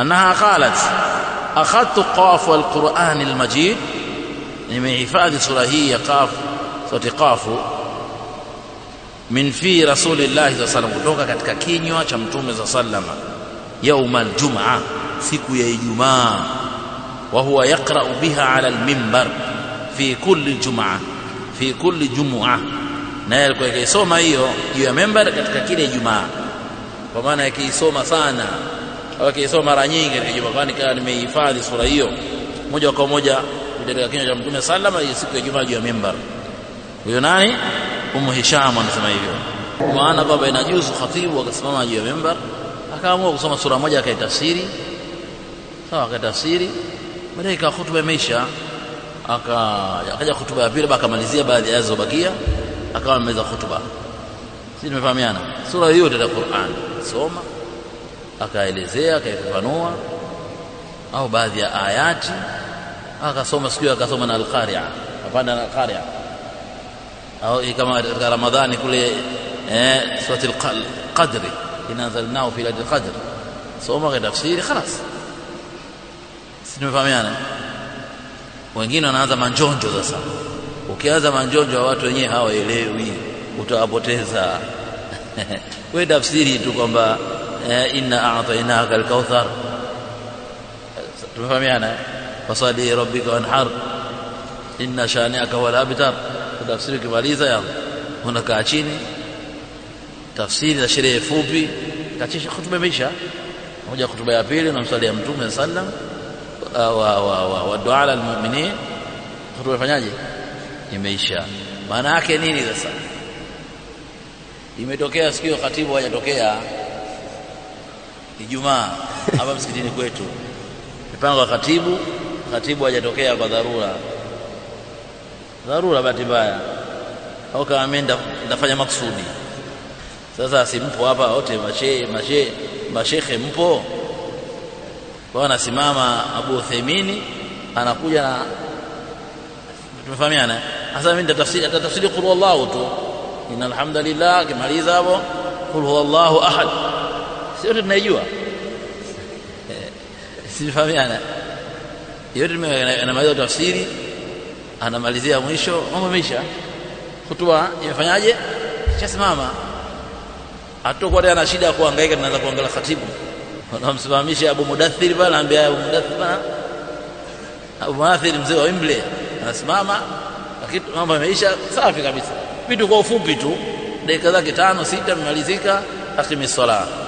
أنها قالت أخذت قاف والقرآن المجيد يعني من عفاد سورة قاف سورة قاف من في رسول الله صلى الله عليه وسلم قلت كينيو شمتوم صلى الله عليه وسلم يوم الجمعة سيكو يا جمعة وهو يقرأ بها على المنبر في كل جمعة في كل جمعة نايل كوي كي سوما يو منبر كتكا كيري جمعة فمانا كي سوما سانا akaisoma mara nyingi nikijua Ijumaa, kwani kana nimeihifadhi sura hiyo moja kwa moja kutoka kinywa cha Mtume sallama siku ya jumaa juu ya mimbar. Huyo nani? Umu Hisham anasema hivyo, maana baba inajuzu khatibu akasimama juu ya mimbar akaamua kusoma sura moja akaitafsiri, sawa, akaitafsiri baadaye ikawa hutuba imeisha, akaja hutuba ya pili, akamalizia baadhi ya aya zilizobakia, akawa amemaliza hutuba. Sisi tumefahamiana, sura yote ya Qur'an soma akaelezea akaifafanua au baadhi ya ayati akasoma sikio akasoma na alqaria apanda na alqaria au kama katika ramadhani kule eh, surati alqadri inanzalnahu fi lailati alqadri soma katafsiri khalas si wengine wanaanza manjonjo sasa ukianza manjonjo watu wenyewe hawaelewi utawapoteza we tafsiri tu kwamba آه، إنا أعطيناك الكوثر تفهم يعني فصلي ربك وانحر إن شانئك هو الأبتر تفسير كماليزا يا هنا كاتشيني تفسير لشريه فوبي كاتشيش خطبة بيشا وجا خطبة يا بيلي نمصلي أمتوم ينسلم والدعاء للمؤمنين خطبة فنجي يميشا ما ناكي نيني ذا سا يمدوكي أسكيو خطيب ويدوكي أسكيو Ijumaa hapa msikitini kwetu, mipango ya katibu Katibu hajatokea kwa dharura, dharura, bahati mbaya, au kama mimi ndafanya maksudi. Sasa simpo hapa wote, mashe, mashe, mashekhe mpo kwa, anasimama Abu Uthaymeen anakuja na tumefahamiana hasa. Mimi nitatafsiri qul huwallahu tu, inalhamdulillah. alhamdulillah, kimaliza hapo qul huwallahu ahad sote tunaijua sifahamiana yote, anamaliza tafsiri, anamalizia mwisho, mambo meisha, hutua imefanyaje, ishasimama. Hatakuwa tena na shida ya kuangaika tunaanza kuangalia khatibu, wanamsimamisha Abu Mudathir bana anambia Abu Mudathir bana, Abu Mudathir mzee wa Imble anasimama, lakini mambo yameisha safi kabisa, vitu kwa ufupi tu, dakika zake tano sita, mmalizika, akimi salaa